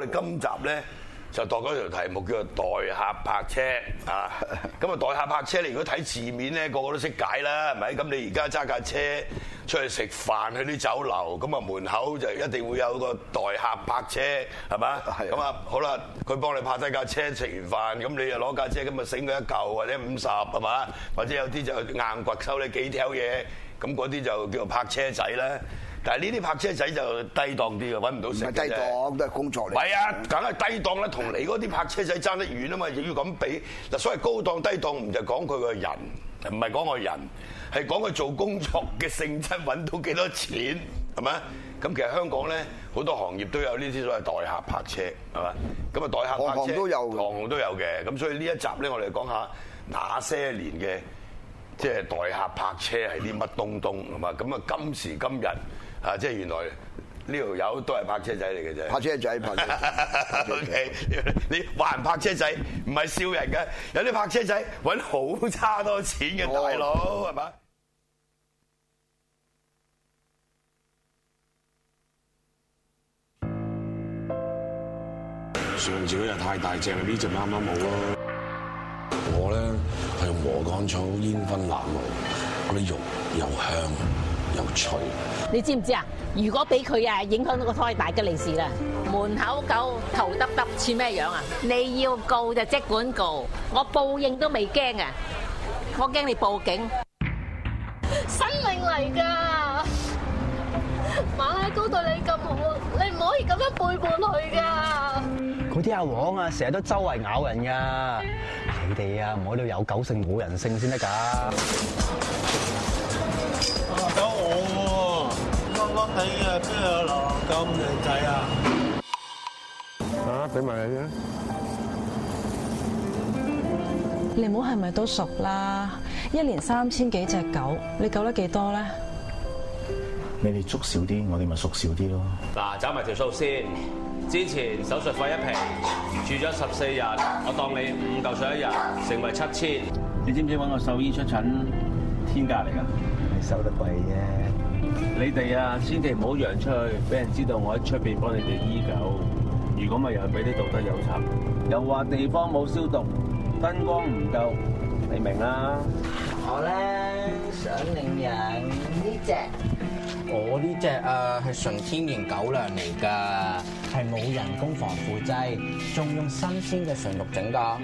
我哋今集咧就度咗條題目叫做代客泊車啊！咁啊，代 客泊車你如果睇字面咧，個個都識解啦，係咪？咁你而家揸架車出去食飯，去啲酒樓，咁啊門口就一定會有個代客泊車，係嘛？係。咁啊，好啦，佢幫你泊低架車，食完飯，咁你又攞架車，咁啊醒佢一嚿或者五十，係嘛？或者有啲就硬掘收你幾條嘢，咁嗰啲就叫做泊車仔啦。但係呢啲泊車仔就低檔啲嘅，揾唔到食啫。低檔都係工作嚟。唔係啊，梗係低檔啦，同你嗰啲泊車仔爭得遠啊嘛！要咁比，嗱，所謂高檔低檔唔就講佢個人，唔係講個人，係講佢做工作嘅性質揾到幾多錢係咪？咁其實香港咧好多行業都有呢啲所謂代客泊車係咪？咁啊代客泊車。行行都有。行行都有嘅，咁所以呢一集咧我哋講下那些年嘅即係代客泊車係啲乜東東係咪？咁啊今時今日。啊！即係原來呢條友都係泊車仔嚟嘅啫，泊車仔泊車。OK，你話人泊車仔唔係 Okay. 笑人嘅，有啲泊車仔揾好差多錢嘅大佬，係咪我？吧上次嗰隻太大隻啦，呢隻啱啱冇咯。我咧係用禾乾草煙燻鴨毛，嗰啲肉又香。你知唔知啊？如果俾佢啊，影響到個胎，大吉利是啦。門口狗頭耷耷似咩樣啊？你要告就即管告，我報應都未驚啊！我驚你報警。生命嚟㗎，馬拉糕對你咁好，你唔可以咁樣背叛佢㗎。嗰啲阿黃啊，成日都周圍咬人㗎，你哋啊，唔可以有狗性冇人性先得㗎。哦，啱啱睇啊，邊有落咁靚仔啊？啊，俾埋你先。你唔好係咪都熟啦？一年三千幾隻狗，你救得幾多咧？你哋捉少啲，我哋咪熟少啲咯。嗱，找埋條數先。之前手術費一平，住咗十四日，我當你五嚿水一日，成為七千。你知唔知揾個獸醫出診天價嚟㗎？收得貴啫，你哋啊，千祈唔好揚出去，俾人知道我喺出邊幫你哋醫狗。如果唔係又俾啲道德有差，又話地方冇消毒，燈光唔夠，你明啦。我咧想領養呢隻，我呢隻啊係純天然狗糧嚟噶，係冇人工防腐劑，仲用新鮮嘅純肉整噶。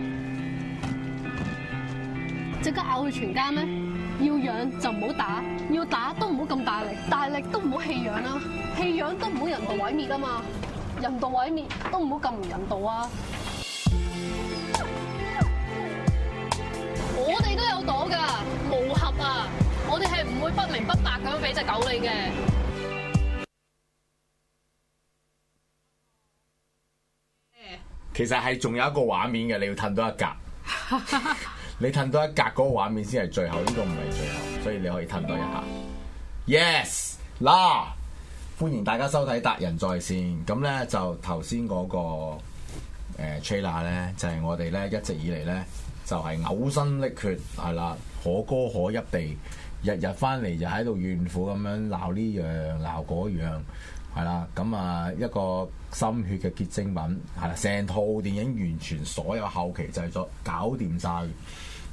即刻咬佢全家咩？要養就唔好打，要打都唔好咁大力，大力都唔好棄養啦，棄養都唔好人道毀滅啊嘛，人道毀滅都唔好咁唔人道啊。我哋都有躲噶，無合啊，我哋係唔會不明不白咁樣俾隻狗你嘅。其實係仲有一個畫面嘅，你要褪多一格。你褪到一格嗰個畫面先係最後，呢、這個唔係最後，所以你可以褪到一下。Yes，嗱，歡迎大家收睇達仁在線。咁呢，就頭先嗰個誒、呃、trailer 咧，就係、是、我哋呢，一直以嚟呢，就係嘔心瀝血係啦，可歌可泣地日日翻嚟就喺度怨婦咁樣鬧呢樣鬧嗰樣係啦。咁啊一個心血嘅結晶品係啦，成套電影完全所有後期製作搞掂晒。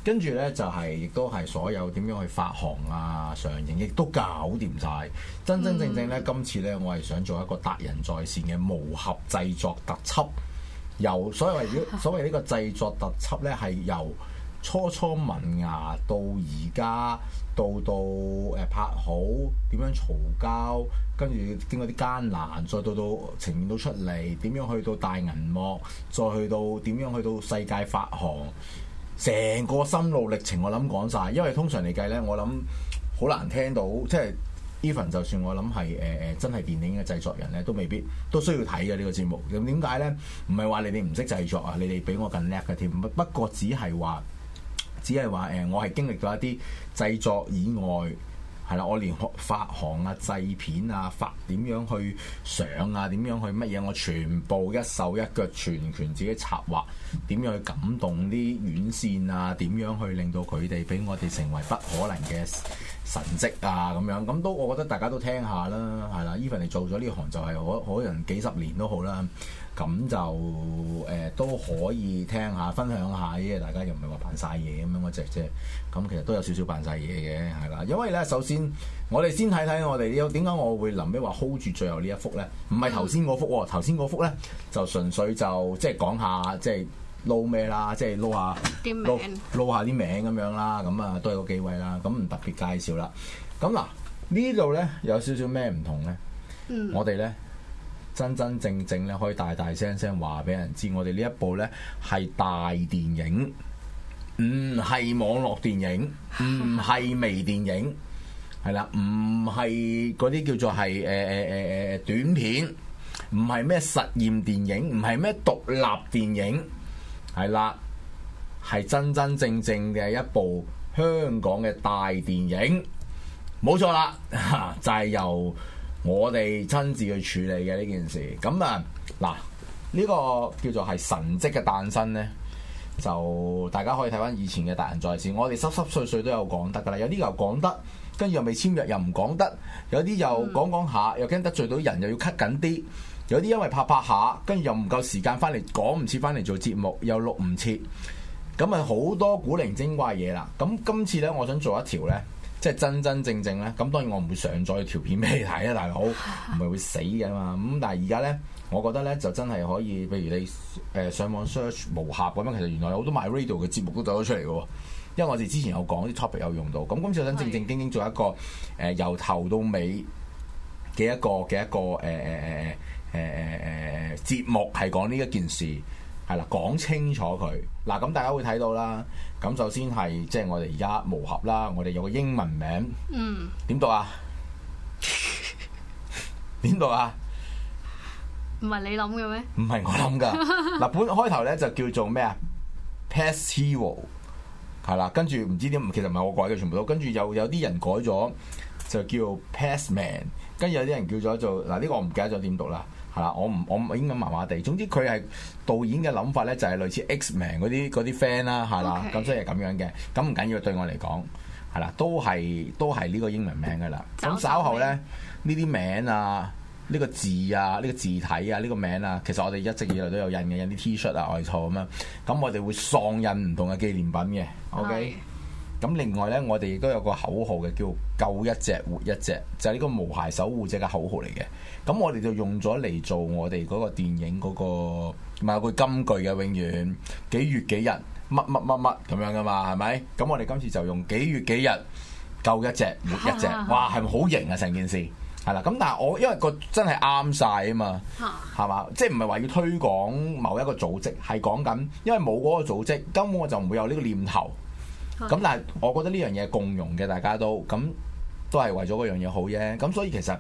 跟住呢，就係、是、亦都係所有點樣去發行啊、上映，亦都搞掂晒。真真正，正正呢，嗯、今次呢，我係想做一個達人在線嘅毛俠製作特輯。由所謂所謂呢個製作特輯呢，係由初初萌芽到而家，到到誒拍好點樣嘈交，跟住經過啲艱難，再到到呈現到出嚟，點樣去到大銀幕，再去到點樣去到世界發行。成個心路歷程，我諗講晒，因為通常嚟計呢，我諗好難聽到，即係 even 就算我諗係誒誒真係電影嘅製作人呢，都未必都需要睇嘅呢個節目。咁點解呢？唔係話你哋唔識製作啊，你哋比我更叻嘅添，不過只係話，只係話誒，我係經歷到一啲製作以外。係啦，我連發行啊、製片啊、發點樣去上啊、點樣去乜嘢，我全部一手一腳全權自己策劃，點樣去感動啲院線啊？點樣去令到佢哋俾我哋成為不可能嘅？神蹟啊咁樣，咁都我覺得大家都聽下啦，係啦，even 你做咗呢行就係、是、可可能幾十年都好啦，咁就誒、呃、都可以聽下分享下，因為大家又唔係話扮晒嘢咁樣嗰隻啫，咁其實都有少少扮晒嘢嘅，係啦，因為咧首先我哋先睇睇我哋點解我會臨尾話 hold 住最後呢一幅咧，唔係頭先嗰幅，哦，頭先嗰幅咧就純粹就即係、就是、講下即係。就是撈咩啦？即係撈下撈 The 撈下啲名咁樣啦。咁啊，都係嗰幾位啦。咁唔特別介紹啦。咁嗱、啊，呢度呢，有少少咩唔同呢？嗯、我哋呢，真真正正咧可以大大聲聲話俾人知，我哋呢一部呢，係大電影，唔、嗯、係網絡電影，唔、嗯、係微電影，係啦，唔係嗰啲叫做係誒誒誒短片，唔係咩實驗電影，唔係咩獨立電影。係啦，係真真正正嘅一部香港嘅大電影，冇錯啦，就係、是、由我哋親自去處理嘅呢件事。咁啊，嗱呢、這個叫做係神跡嘅誕生呢，就大家可以睇翻以前嘅《達仁在線》，我哋濕濕碎碎都有講得噶啦，有啲又講得，跟住又未簽約又唔講得，有啲又講講下，又驚得罪到人，又要 cut 緊啲。 有啲因為拍拍下，跟住又唔夠時間翻嚟講唔切，翻嚟做節目又錄唔切，咁咪好多古靈精怪嘢啦。咁今次呢，我想做一條呢，即係真真正正呢。咁當然我唔會上載條片俾你睇啊，大佬唔係會死嘅嘛。咁但係而家呢，我覺得呢，就真係可以，譬如你誒上網 search 毛俠咁樣，其實原來有好多 MyRadio 嘅節目都走咗出嚟嘅。因為我哋之前有講啲 topic 有用到，咁今次我想正正經經做一個誒由頭到尾嘅一個嘅一個誒誒誒。誒誒誒節目係講呢一件事係啦，講清楚佢，嗱咁，啊、大家會睇到啦。咁、啊、首先係即係我哋而家無俠啦，我哋有個英文名，嗯，點讀啊？點 讀啊？唔係你諗嘅咩？唔係我諗㗎。嗱， 本開頭咧就叫做咩啊？Pass Hero 係啦，跟住唔知點，其實唔係我改嘅，全部都跟住有有啲人改咗，就叫 Pass Man，跟住有啲人叫咗做嗱呢、啊呢個我唔記得咗點讀啦。係啦，我唔我英文麻麻地。總之佢係導演嘅諗法咧，就係類似 Xman 嗰啲啲 friend 啦，係啦。咁所以係咁樣嘅。咁唔緊要對我嚟講，係啦，都係都係呢個英文名嘅啦。咁稍後咧呢啲名啊，呢個字啊，呢個字體啊，呢個名啊，其實我哋一直以來都有印嘅，印啲 T-shirt 啊、外套咁樣。咁我哋會喪印唔同嘅紀念品嘅。嗯、OK。咁另外呢，我哋亦都有個口號嘅，叫救一隻活一隻，就係、是、呢個毛孩守護者嘅口號嚟嘅。咁我哋就用咗嚟做我哋嗰個電影嗰、那個，咪有個金句嘅永遠幾月幾日乜乜乜乜咁樣㗎嘛，係咪？咁我哋今次就用幾月幾日救一隻活一隻，哇，係咪好型啊？成件事係啦。咁但係我因為個真係啱晒啊嘛，係嘛？即係唔係話要推廣某一個組織，係講緊，因為冇嗰個組織，根本我就唔會有呢個念頭。咁但係，我覺得呢樣嘢共融嘅，大家都咁都係為咗嗰樣嘢好啫。咁所以其實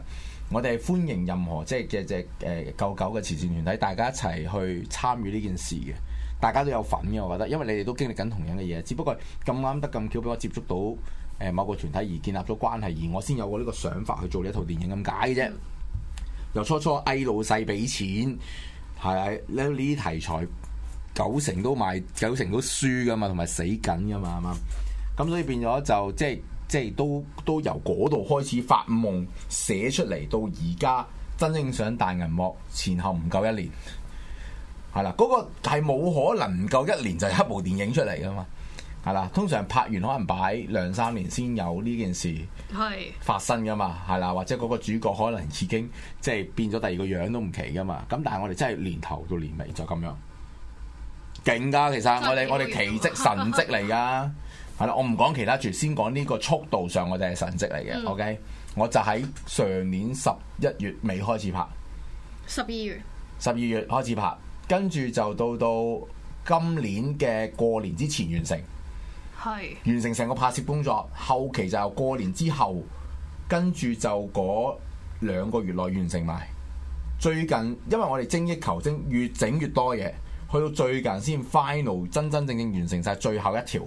我哋係歡迎任何即係嘅嘅誒救狗嘅慈善團體，大家一齊去參與呢件事嘅。大家都有份嘅，我覺得，因為你哋都經歷緊同樣嘅嘢，只不過咁啱得咁巧，俾我接觸到誒某個團體而建立咗關係，而我先有過呢個想法去做呢一套電影咁解啫。由初初嗌老細俾錢，係呢啲題材。九成都賣，九成都輸噶嘛，同埋死緊噶嘛，係嘛？咁所以變咗就即係即係都都由嗰度開始發夢寫出嚟，到而家真正上大銀幕前後唔夠一年。係啦，嗰個係冇可能唔夠一年就出部電影出嚟噶嘛？係啦，通常拍完可能擺兩三年先有呢件事發生噶嘛？係啦，或者嗰個主角可能已經即係變咗第二個樣都唔奇噶嘛？咁但係我哋真係年頭到年尾就咁樣。勁噶，其實我哋月我哋奇跡神跡嚟噶，係啦，我唔講其他住，先講呢個速度上我，我哋係神跡嚟嘅。OK，我就喺上年十一月尾開始拍，十二月，十二月開始拍，跟住就到到今年嘅過年之前完成，係是完成成個拍攝工作，後期就過年之後，跟住就嗰兩個月內完成埋。最近因為我哋精益求精，越整越多嘢。去到最近先 final 真真正正完成晒最後一條，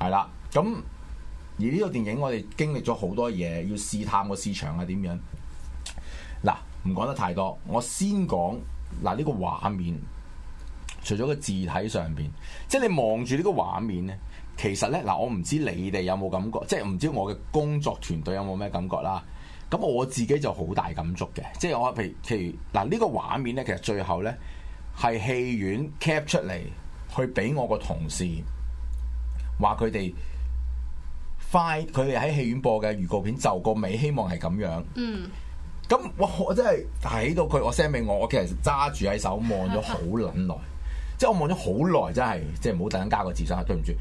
係啦。咁而呢個電影我哋經歷咗好多嘢，要試探個市場係點樣。嗱，唔講得太多，我先講嗱呢個畫面。除咗個字體上邊，即係你望住呢個畫面呢，其實呢，嗱，我唔知你哋有冇感覺，即係唔知我嘅工作團隊有冇咩感覺啦。咁我自己就好大感觸嘅，即係我譬如，譬如嗱呢個畫面呢，其實最後呢。係戲院 cap 出嚟，去俾我個同事話佢哋快，佢哋喺戲院播嘅預告片就個尾，希望係咁樣。嗯、mm.，咁我我真係睇到佢，我 send 俾我，我其實揸住喺手望咗好捻耐，即係我望咗好耐，真係，即係唔好突然間加個字上去，對唔住，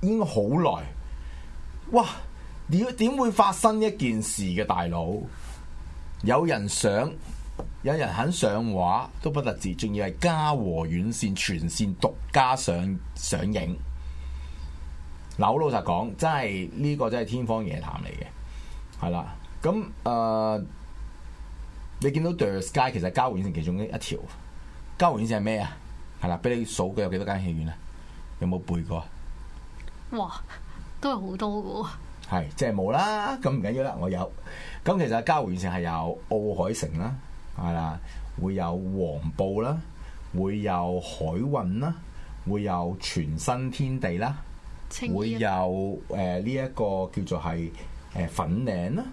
應該好耐。哇！點點會發生一件事嘅大佬？有人想。有人肯上畫都不得志，仲要係嘉禾院線全線獨家上上映。嗱，好老實講，真係呢、這個真係天方夜譚嚟嘅，係啦。咁誒、呃，你見到 d 德 s 街其實嘉禾院線其中一一條，嘉禾院線係咩啊？係啦，俾你數佢有幾多間戲院啊？有冇背過啊？哇，都係好多噶喎。係，即係冇啦。咁唔緊要啦，我有。咁其實嘉禾院線係由奧海城啦。係啦，會有黃埔啦，會有海運啦，會有全新天地啦，青衣，會有誒呢一個叫做係誒粉嶺啦，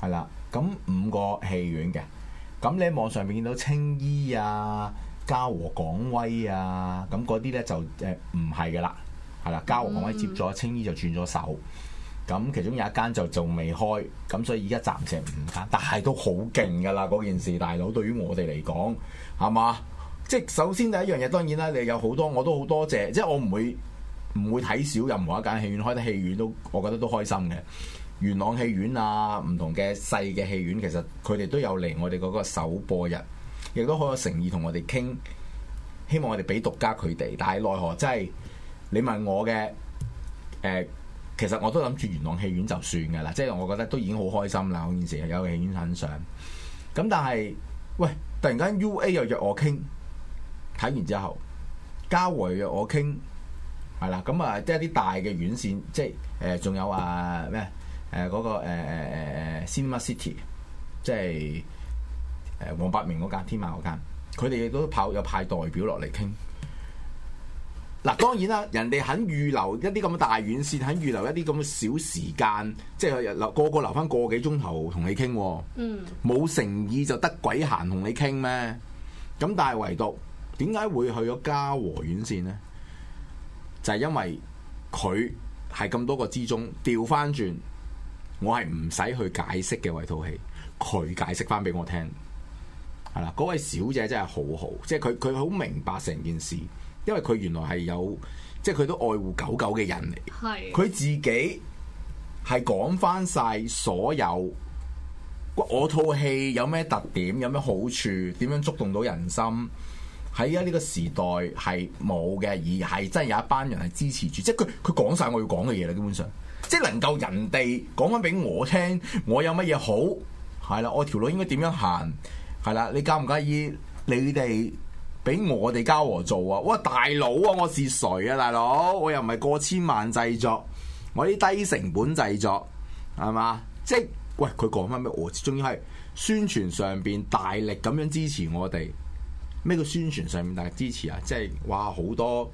係啦，咁五個戲院嘅，咁你喺網上邊見到青衣啊、嘉禾港威啊，咁嗰啲咧就誒唔係嘅啦，係啦，嘉禾港威接咗，青衣，嗯，就轉咗手。咁其中有一間就仲未開，咁所以而家暫時五間，但係都好勁噶啦嗰件事。大佬對於我哋嚟講，係嘛？即係首先第一樣嘢，當然啦，你有好多我都好多謝，即係我唔會唔會睇少任何一間戲院開得戲院都，我覺得都開心嘅。元朗戲院啊，唔同嘅細嘅戲院，其實佢哋都有嚟我哋嗰個首播日，亦都好有誠意同我哋傾，希望我哋俾獨家佢哋。但係奈何真係你問我嘅，誒、呃、其實我都諗住元朗戲院就算嘅啦，即係我覺得都已經好開心啦。嗰件事有戲院肯上，咁但係喂，突然間 UA 又約我傾，睇完之後，嘉禾又約我傾，係啦，咁啊，即係啲大嘅院線，即係誒，仲有啊咩？誒，嗰個誒誒誒誒，Cinema City，即係誒黃百鳴嗰間，天馬嗰間，佢哋亦都派，有派代表落嚟傾。嗱，當然啦，人哋肯預留一啲咁嘅大院線，肯預留一啲咁嘅小時間，即係個個留翻個幾鐘頭同你傾，冇、嗯、誠意就得鬼閒同你傾咩？咁但係唯獨點解會去咗嘉禾院線呢？就係、是、因為佢係咁多個之中調翻轉，我係唔使去解釋嘅，為套戲佢解釋翻俾我聽，係啦，嗰位小姐真係好好，即係佢佢好明白成件事。因為佢原來係有，即係佢都愛護狗狗嘅人嚟。係的，佢自己係講翻晒所有我套戲有咩特點，有咩好處，點樣觸動到人心。喺而家呢個時代係冇嘅，而係真係有一班人係支持住。即係佢佢講晒我要講嘅嘢啦，基本上，即係能夠人哋講緊俾我聽我，我有乜嘢好係啦，我條路應該點樣行係啦？你介唔介意你哋？俾我哋嘉禾做啊！哇，大佬啊，我是誰啊？大佬，我又唔係過千萬製作，我啲低成本製作，係嘛？即喂，佢講翻咩？我始終要係宣傳上邊大力咁樣支持我哋。咩叫宣傳上面大力支持啊？即係哇，好多誒、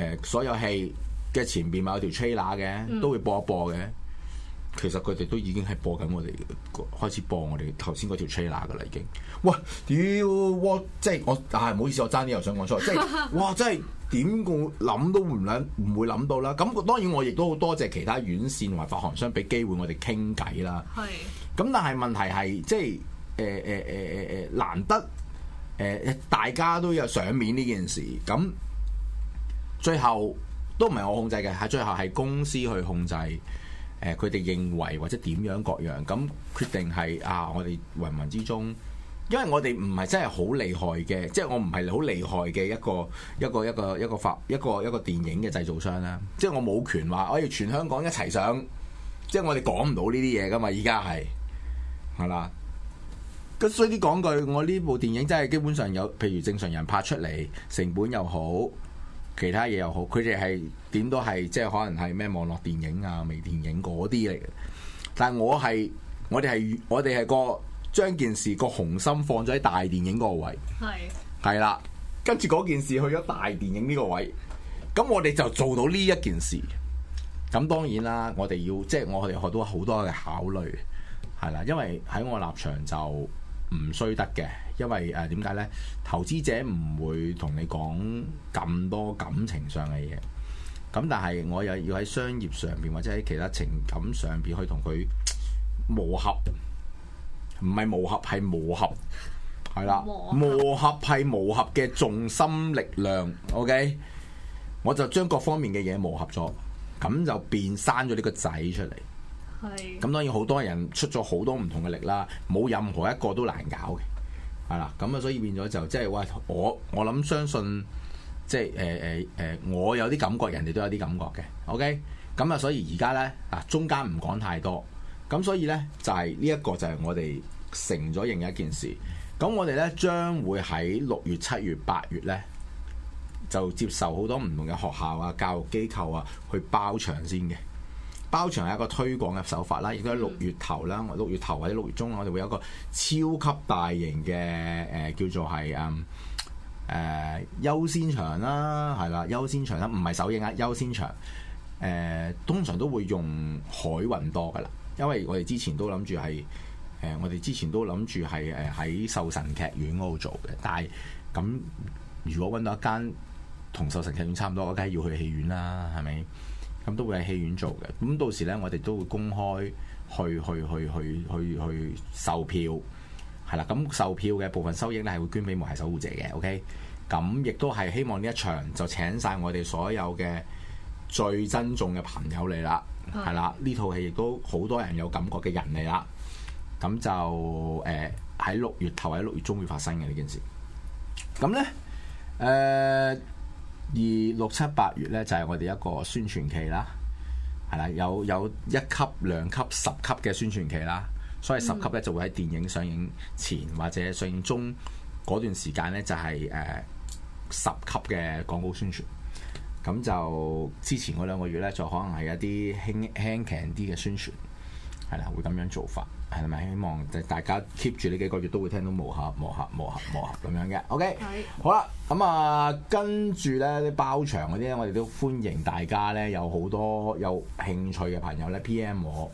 呃，所有戲嘅前邊咪有條 trailer 嘅，都會播一播嘅。其實佢哋都已經係播緊我哋，開始播我哋頭先嗰條 trailer 噶啦，已經。哇！屌哇即係我啊唔、哎、好意思，我爭啲又想講錯， 即係哇！即係點顧諗都唔諗，唔會諗到啦。咁當然我亦都好多謝其他院線同埋發行商俾機會我哋傾偈啦。係是。咁但係問題係即係誒誒誒誒誒，難得誒、呃、大家都有上面呢件事，咁最後都唔係我控制嘅，係最後係公司去控制。誒，佢哋認為或者點樣各樣，咁決定係啊！我哋芸芸之中，因為我哋唔係真係好厲害嘅，即係我唔係好厲害嘅一個一個一個一個法一個一個一個一個一個一個電影嘅製造商啦。即係我冇權話我要全香港一齊上，即係我哋講唔到呢啲嘢㗎嘛。而家係係啦，咁所以啲講句，我呢部電影真係基本上有，譬如正常人拍出嚟，成本又好。其他嘢又好，佢哋係點都係即係可能係咩網絡電影啊、微電影嗰啲嚟嘅。但係我係我哋係我哋係個將件事個雄心放咗喺大電影嗰個位，係係啦。跟住嗰件事去咗大電影呢個位，咁我哋就做到呢一件事。咁當然啦，我哋要即係我哋學到好多嘅考慮係啦，因為喺我立場就。唔需得嘅，因為誒點解呢？投資者唔會同你講咁多感情上嘅嘢，咁但係我又要喺商業上面或者喺其他情感上面去同佢磨合，唔係磨合係磨合，係啦磨合係磨合嘅重心力量，OK，我就將各方面嘅嘢磨合咗，咁就變生咗呢個仔出嚟。咁當然好多人出咗好多唔同嘅力啦，冇任何一個都難搞嘅，係啦。咁啊，所以變咗就即係喂我，我諗相信即係誒誒誒，我有啲感覺，人哋都有啲感覺嘅。OK，咁、嗯、啊，所以而家呢，嗱，中間唔講太多，咁所以呢，就係呢一個就係我哋成咗形嘅一件事。咁我哋呢，將會喺六月、七月、八月呢，就接受好多唔同嘅學校啊、教育機構啊去包場先嘅。包場係一個推廣嘅手法啦，亦都喺六月頭啦，六月頭或者六月中，我哋會有一個超級大型嘅誒、呃、叫做係嗯誒優先場啦，係啦，優先場啦，唔係首映啊，優先場誒、呃、通常都會用海運多噶啦，因為我哋之前都諗住係誒，我哋之前都諗住係誒喺壽臣劇院嗰度做嘅，但係咁如果揾到一間同壽臣劇院差唔多嘅，梗係要去戲院啦，係咪？咁都會喺戲院做嘅，咁到時呢，我哋都會公開去去去去去去去售票，係啦，咁售票嘅部分收益呢係會捐俾毛孩守護者嘅，OK，咁亦都係希望呢一場就請晒我哋所有嘅最珍重嘅朋友嚟啦，係啦、嗯，呢套戲亦都好多人有感覺嘅人嚟啦，咁就誒喺六月頭喺六月中會發生嘅呢件事，咁呢？誒、呃。而六七八月呢，就係我哋一個宣傳期啦，係啦，有有一級、兩級、十級嘅宣傳期啦，所以十級呢，就會喺電影上映前或者上映中嗰段時間呢，就係誒十級嘅廣告宣傳，咁就之前嗰兩個月呢，就可能係一啲輕輕強啲嘅宣傳。係啦，會咁樣做法，係咪？希望即係大家 keep 住呢幾個月都會聽到毛俠、毛俠、毛俠、毛俠咁樣嘅。OK, okay. 好啦，咁、嗯、啊，跟住呢，啲包場嗰啲呢，我哋都歡迎大家呢，有好多有興趣嘅朋友呢，PM 我，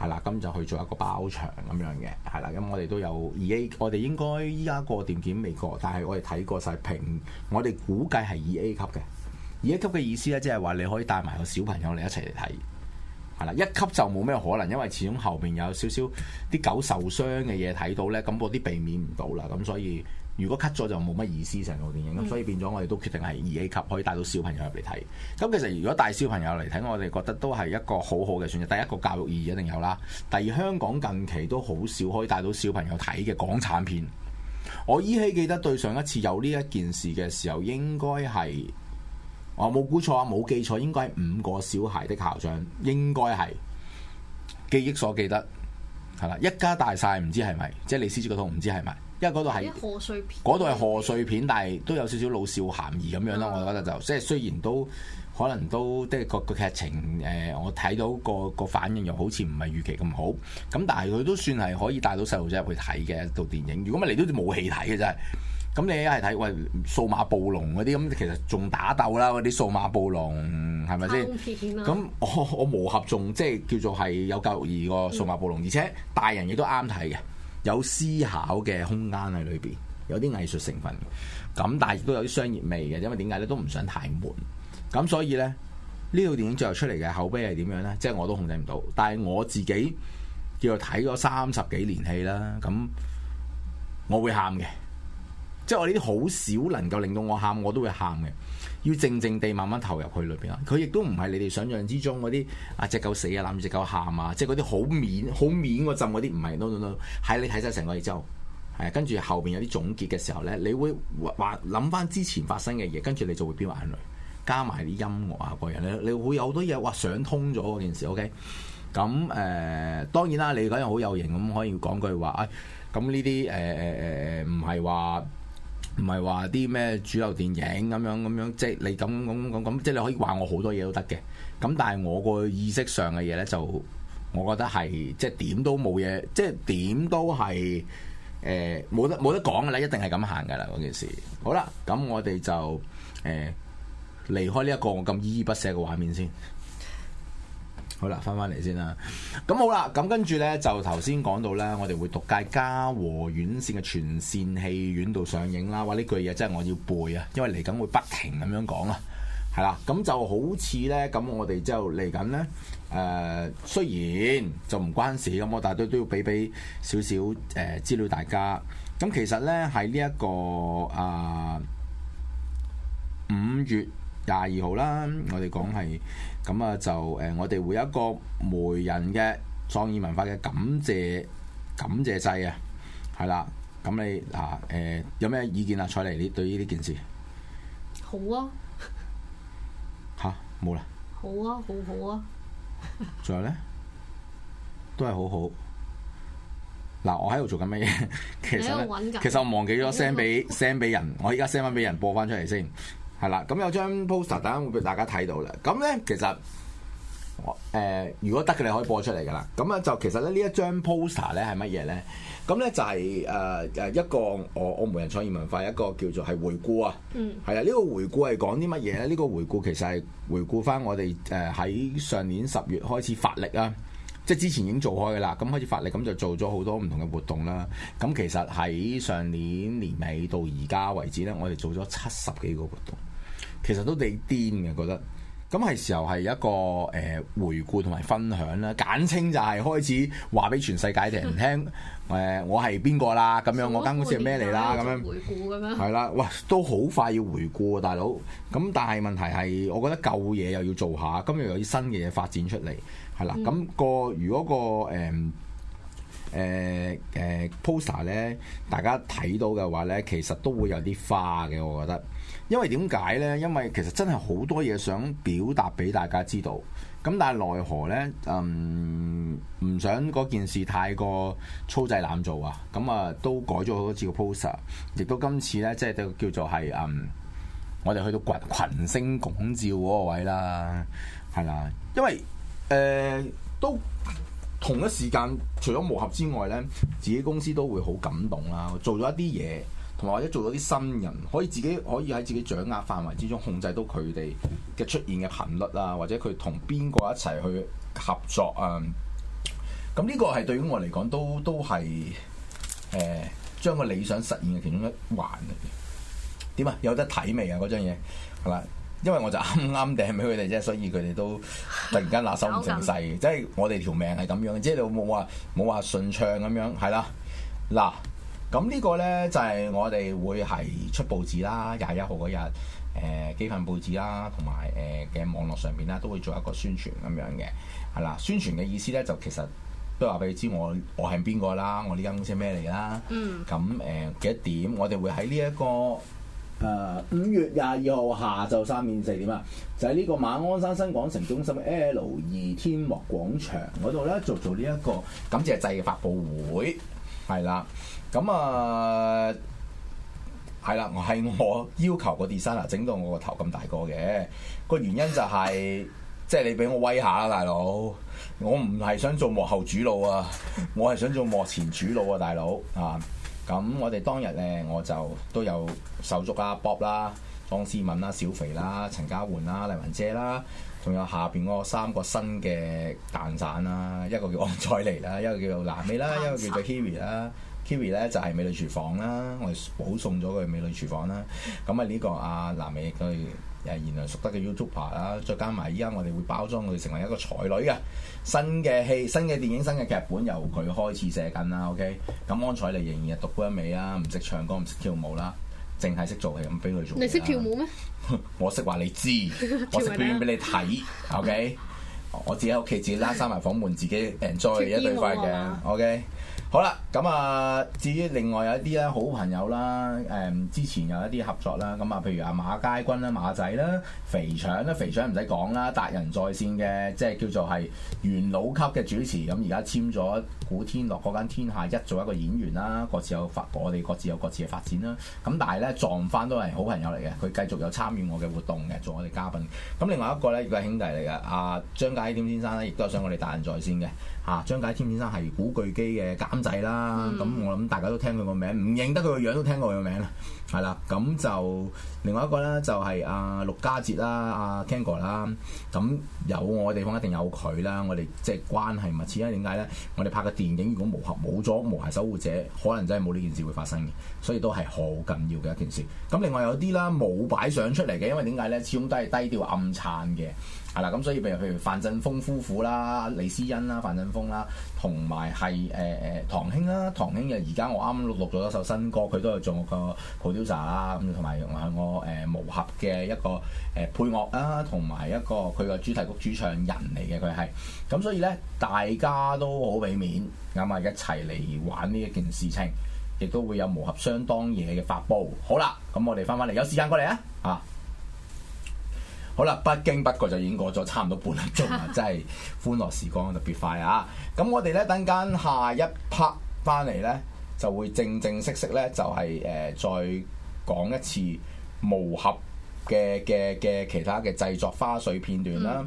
係啦，咁就去做一個包場咁樣嘅，係啦，咁我哋都有二 A，我哋應該依家過電檢未過，但係我哋睇過晒評，我哋估計係二 A 級嘅，二 A 級嘅意思呢，即係話你可以帶埋個小朋友嚟一齊嚟睇。係啦，一級就冇咩可能，因為始終後邊有少少啲狗受傷嘅嘢睇到呢，咁嗰啲避免唔到啦，咁所以如果 cut 咗就冇乜意思成套電影，咁所以變咗我哋都決定係二 A 級可以帶到小朋友入嚟睇。咁其實如果帶小朋友嚟睇，我哋覺得都係一個好好嘅選擇。第一個教育意義一定有啦，第二香港近期都好少可以帶到小朋友睇嘅港產片。我依稀記得對上一次有呢一件事嘅時候，應該係。我冇估錯啊，冇記錯，應該係五個小孩的校長，應該係記憶所記得係啦。一家大細唔知係咪，即係李思機嗰套唔知係咪，因為嗰度係嗰度係賀歲片，但係都有少少老少咸宜咁樣咯。的我覺得就即係雖然都可能都即係個個劇情誒、呃，我睇到個個反應又好似唔係預期咁好。咁但係佢都算係可以帶到細路仔入去睇嘅一套電影。如果唔係嚟都冇戲睇嘅真係。咁你一係睇喂數碼暴龍嗰啲，咁其實仲打鬥啦，嗰啲數碼暴龍係咪先？咁我我磨合仲即係叫做係有教育意義個數碼暴龍，而且大人亦都啱睇嘅，有思考嘅空間喺裏邊，有啲藝術成分。咁但係亦都有啲商業味嘅，因為點解咧都唔想太悶。咁所以咧呢套電影最後出嚟嘅口碑係點樣咧？即係我都控制唔到，但係我自己叫做睇咗三十幾年戲啦，咁我會喊嘅。即係我呢啲好少能夠令到我喊，我都會喊嘅。要靜靜地慢慢投入去裏邊啦。佢亦都唔係你哋想象之中嗰啲啊，隻狗死啊，攬住隻狗喊啊，即係嗰啲好面好面嗰陣嗰啲唔係 no no no，喺你睇晒成個澳洲，係跟住後邊有啲總結嘅時候咧，你會話諗翻之前發生嘅嘢，跟住你就會飆眼淚，加埋啲音樂啊，個人咧，你會有好多嘢話想通咗嗰件事。OK，咁、嗯、誒當然啦，你嗰樣好有型咁，可以講句話啊。咁呢啲誒誒誒誒唔係話。嗯唔係話啲咩主流電影咁樣咁樣，咁樣，咁樣，咁樣，即係你咁咁咁咁，即係你可以話我好多嘢都得嘅。咁但係我個意識上嘅嘢呢，就我覺得係即係點都冇嘢，即係點都係誒冇得冇得講㗎啦，一定係咁行㗎啦嗰件事。好啦，咁我哋就誒、欸、離開呢一個我咁依依不捨嘅畫面先。好啦，翻翻嚟先啦。咁好啦，咁跟住呢，就頭先講到呢，我哋會獨家嘉禾院線嘅全線戲院度上映啦。哇！呢句嘢真係我要背啊，因為嚟緊會不停咁樣講啊。係啦，咁就好似呢，咁我哋就嚟緊呢。誒、呃、雖然就唔關事咁，我但係都都要俾俾少少誒資料大家。咁其實呢，係呢一個啊五、呃、月廿二號啦，我哋講係。咁啊，就誒，我哋會有一個媒仁嘅創意文化嘅感謝感謝祭啊，係啦。咁你嗱誒、呃，有咩意見啊？采妮，你對於呢件事？好啊！吓，冇啦！好啊，好好啊！仲 有咧，都係好好。嗱，我喺度做緊乜嘢？其實咧，其實我忘記咗 send 俾 send 俾人，我而家 send 翻俾人播翻出嚟先。係啦，咁有張 poster，等陣會俾大家睇到啦。咁咧，其實，誒、呃，如果得嘅你可以播出嚟噶啦。咁咧就其實咧呢一張 poster 咧係乜嘢咧？咁咧就係誒誒一個我媒仁創意文化一個叫做係回顧啊。嗯。係啊，呢個回顧係講啲乜嘢咧？呢、這個回顧其實係回顧翻我哋誒喺上年十月開始發力啊，即係之前已經做開噶啦，咁開始發力，咁就做咗好多唔同嘅活動啦。咁其實喺上年年尾到而家為止咧，我哋做咗七十幾個活動。其實都幾癲嘅，覺得咁係時候係一個誒、呃、回顧同埋分享啦，簡稱就係開始話俾全世界啲人聽，誒、 呃、我係邊個啦，咁樣我間公司係咩嚟啦，咁樣回顧咁樣係啦，哇都好快要回顧啊，大佬咁但係問題係，我覺得舊嘢又要做下，今日有啲新嘅嘢發展出嚟，係啦，咁、嗯那個如果個誒誒誒 poster 咧，大家睇到嘅話咧，其實都會有啲花嘅，我覺得。因為點解呢？因為其實真係好多嘢想表達俾大家知道，咁但係奈何呢？嗯，唔想嗰件事太過粗製濫造啊，咁、嗯、啊都改咗好多次個 poster，亦都今次呢，即係叫做係嗯，我哋去到群星拱照嗰個位啦，係啦，因為誒、呃、都同一時間除咗磨合之外呢，自己公司都會好感動啦，做咗一啲嘢。同埋或者做到啲新人，可以自己可以喺自己掌握範圍之中控制到佢哋嘅出現嘅頻率啊，或者佢同邊個一齊去合作啊？咁、嗯、呢個係對於我嚟講都都係誒、欸、將個理想實現嘅其中一環嚟嘅。點啊？有得睇未啊？嗰張嘢係啦，因為我就啱啱掟俾佢哋啫，所以佢哋都突然間拿手唔成勢， 即係我哋條命係咁樣，樣，即係你冇話冇話順暢咁樣，係啦嗱。咁呢個咧就係、是、我哋會係出報紙啦，廿一號嗰日誒幾份報紙啦，同埋誒嘅網絡上面咧都會做一個宣傳咁樣嘅，係啦。宣傳嘅意思咧就其實都話俾你知我我係邊個啦，我呢間公司係咩嚟啦。嗯。咁誒、呃、幾點我哋會喺呢一個誒五、呃、月廿二號下晝三點四點啊，就喺、是、呢個馬鞍山新港城中心 L 二天幕廣場嗰度咧做做呢一個感謝祭發佈會。係啦，咁啊，係啦，係我要求個 designer 整到我個頭咁大個嘅個原因就係即係你俾我威下啦，大佬，我唔係想做幕後主腦啊，我係想做幕前主腦啊，大佬啊。咁我哋當日咧，我就都有手足啊，Bob 啦、啊、莊思敏啦、啊、小肥啦、啊、陳嘉媛啦、黎雲姐啦、啊。仲有下邊嗰三個新嘅蛋散啦，一個叫安采妮啦，一個叫做南美啦，蛋散一個叫做 Kiri 啦，Kiri 咧就係美女廚房啦，我哋保送咗佢美女廚房啦。咁啊呢個啊南美佢誒原來熟得嘅 YouTuber 啦，再加埋依家我哋會包裝佢成為一個才女嘅新嘅戲、新嘅電影、新嘅劇本，由佢開始寫緊啦。OK，咁安采妮仍然讀一未啦，唔識唱歌，唔識跳舞啦。淨係識做戲咁俾佢做，你識跳舞咩？ 我識話你知， 呢我識表演俾你睇 ，OK？我自己喺屋企自己拉閂埋房門， 自己 enjoy 一對塊嘅，OK？好啦，咁啊，至於另外有一啲咧好朋友啦，誒之前有一啲合作啦，咁啊，譬如啊馬佳君啦、馬仔啦、肥腸啦、肥腸唔使講啦，達仁在線嘅即係叫做係元老級嘅主持，咁而家簽咗古天樂嗰間天下一做一個演員啦，各自有發，我哋各自有各自嘅發展啦。咁但係咧撞翻都係好朋友嚟嘅，佢繼續有參與我嘅活動嘅，做我哋嘉賓。咁另外一個咧，亦係兄弟嚟嘅，啊，張介添先生咧，亦都係上我哋達仁在線嘅。嚇，張介添先生係古巨基嘅監。啦，咁、嗯、我諗大家都聽佢個名，唔認得佢個樣都聽過佢個名啦，係啦，咁就另外一個呢，就係阿陸家傑啦，阿 Congo 啦，咁有我嘅地方一定有佢啦，我哋即係關係密切啦，點解呢？我哋拍嘅電影如果無合冇咗無限守護者，可能真係冇呢件事會發生嘅，所以都係好緊要嘅一件事。咁另外有啲啦冇擺相出嚟嘅，因為點解呢？始終都係低調暗撐嘅。係啦，咁、嗯、所以譬如譬如范振鋒夫婦啦，李思欣啦，范振鋒啦，同埋係誒誒唐卿啦，唐卿又而家我啱啱錄錄咗首新歌，佢都係做我個 producer 啦，咁同埋同埋我誒毛、呃、俠嘅一個誒配樂啊，同埋一個佢嘅主題曲主唱人嚟嘅佢係，咁所以咧大家都好俾面，啱、嗯、啊，一齊嚟玩呢一件事情，亦都會有毛俠相當嘢嘅發佈。好啦，咁我哋翻返嚟，有時間過嚟啊，啊！好啦，不經不覺就已經過咗差唔多半粒鐘啊！ 真係歡樂時光，特別快啊！咁我哋咧等陣下一 part 翻嚟咧，就會正正式式咧，就係、是、誒、呃、再講一次毛俠嘅嘅嘅其他嘅製作花絮片段啦。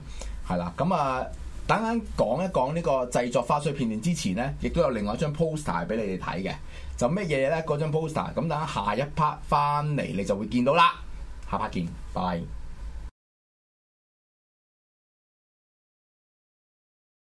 係、嗯、啦，咁啊，等陣講一講呢個製作花絮片段之前咧，亦都有另外一張 poster 俾你哋睇嘅，就咩嘢嘢咧？嗰張 poster 咁等下，一 part 翻嚟你就會見到啦。下 part 見，拜，拜。